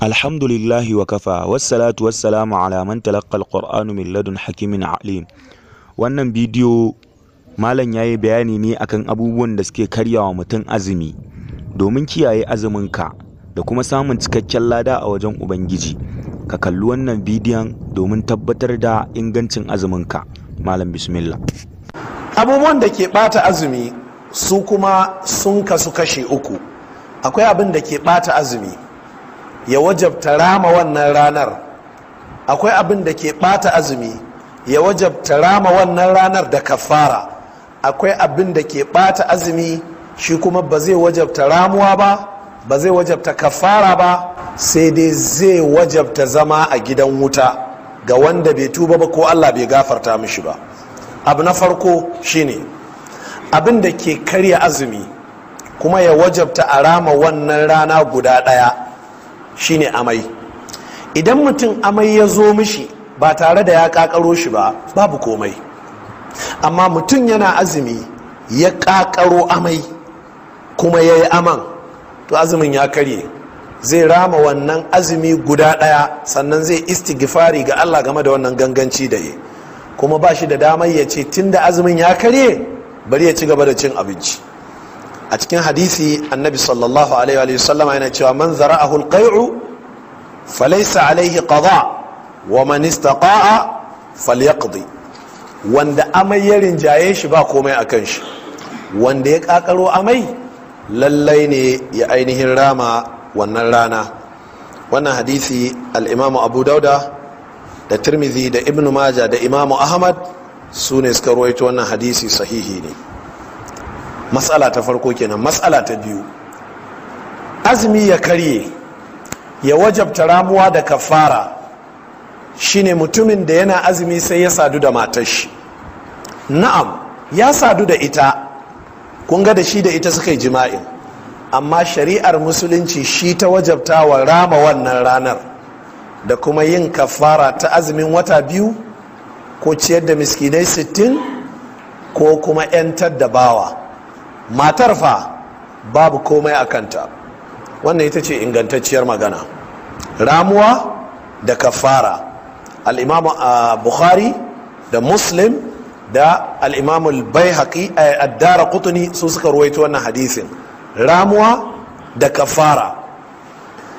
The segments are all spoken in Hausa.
alhamdulillahi wa kafa wassalatu wassalamu ala man talaqqal qur'anu min hakimin alim wannan bidiyo malam yayi bayani ne akan abubuwan da suke karyawa mutum azumi domin kiyaye azumin ka da kuma samun cikakken lada a wajen ubangiji ka kalli wannan bidiyon domin tabbatar da ingancin azumin ka malam bismillah abubuwan da ke bata azumi su kuma sun kasu kashe uku akwai abin da ke bata azumi ya wajabta rama wannan ranar akwai abin da ke bata azumi ya wajabta rama wannan ranar da kafara akwai abin da ke bata azumi shi kuma ba zai wajabta ramuwa ba ba zai wajabta kafara ba sai dai zai wajabta zama a gidan wuta ga wanda bai tuba ba ko allah bai gafarta mishi ba abu na farko shine abin da ke karya azumi kuma ya wajabta a rama wannan rana guda ɗaya shine amai idan mutum amai ya zo mishi ba tare da ya kakaro shi ba babu komai amma mutum yana azumi ya kakaro amai kuma ya yi aman to azumin ya karye zai rama wannan azumi guda ɗaya sannan zai istighfari ga allah game da wannan ganganci da ya kuma ba shi da damar ya ce tun da azumin ya karye bari ya ci gaba da cin abinci a cikin hadisi annabi sallallahu alaihi wa sallama yana cewa man zara'ahu alqai'u falaysa alaihi qada wa man istaqa'a falyaqdi wanda amai ya rinjaye shi ba komai a kan shi wanda ya kakaro amai lallai ne ya ainihin rama wannan rana wannan hadisi al'imamu abu dauda da tirmidhi da ibnu maja da imamu ahmad su ne suka ruwaito wannan hadisi sahihi ne matsala ta farko kenan matsala ta biyu azumi ya karye ya wajabta ramuwa da kafara shine mutumin da yana azumi sai ya sadu da matar na'am ya sadu da ita kun ga da shi da ita suka yi jima'in amma shari'ar musulunci shi ta wajabta wa rama wannan ranar da kuma yin kafara ta azumin wata biyu ko ciyar da miskinai sittin ko kuma 'yantar da bawa matar fa babu komai a kanta wannan ita ce ingantacciyar magana ramuwa da kafara al'imamu uh, a bukhari da muslim da al'imamu bai haƙi a uh, addara kutuni su suka ruwaito wannan hadisin ramuwa da kafara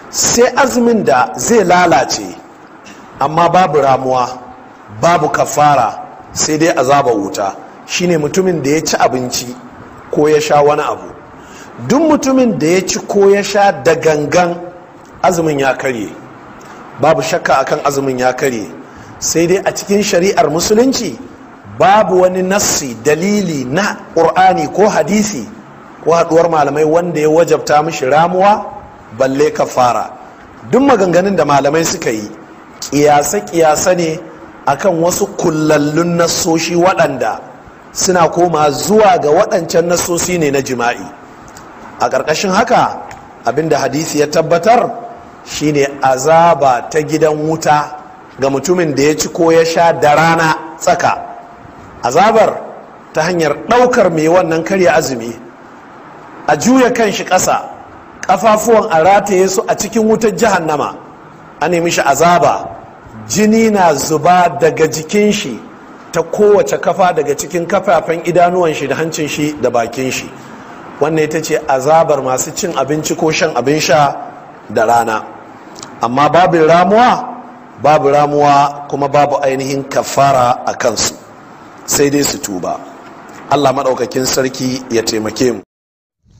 sai azumin da zai lalace amma babu ramuwa babu kafara sai dai azabar wuta shine mutumin da ya ci abinci ko ya sha wani abu duk mutumin da ya ci ko ya sha da gangan azumin ya karye babu shakka akan azumin ya karye sai dai a cikin shari'ar musulunci babu wani nassi dalili na ƙur'ani ko hadisi ko haɗuwar malamai wanda ya wajabta mishi ramuwa balle ka fara duk maganganun da malamai suka yi ƙiyasa-ƙiyasa ne akan wasu kullallun nassoshi waɗanda suna koma zuwa ga waɗancan nasosi ne na jima'i a ƙarƙashin haka abinda hadisi ya tabbatar shine azaba ta gidan wuta ga mutumin da ya ci ko ya sha da rana tsaka azabar ta hanyar ɗaukar mai wannan karya azumi a juya kan shi ƙasa ƙafafuwan a rataye su a cikin wutar jihannama a nemi shi azaba jini na zuba daga jikin shi ta kowace kafa daga cikin kafafen idanuwan shi da hancin shi da bakin shi wannan ita ce azabar masu cin abinci ko shan abin sha da rana amma babu ramuwa babu ramuwa kuma babu ainihin kafara a kansu sai dai su tuba allah maɗaukakin sarki ya taimake mu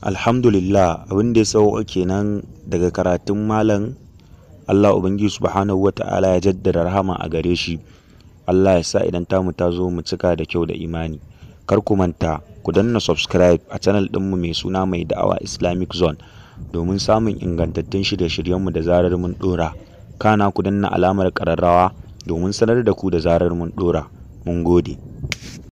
alhamdulillah abin da ya sauka kenan daga karatun malam allah ubangiji subhanahu wa ta'ala ya jaddada rahama a gare shi Allah ya sa idan tamu ta zo mu cika da kyau da imani kar ku manta ku danna subscribe a channel ɗinmu mai suna mai da'awa islamic zone domin samun ingantattun shirye shiryen mu da zarar mun ɗora kana ku danna alamar ƙararrawa domin sanar da ku da zarar mun ɗora mun gode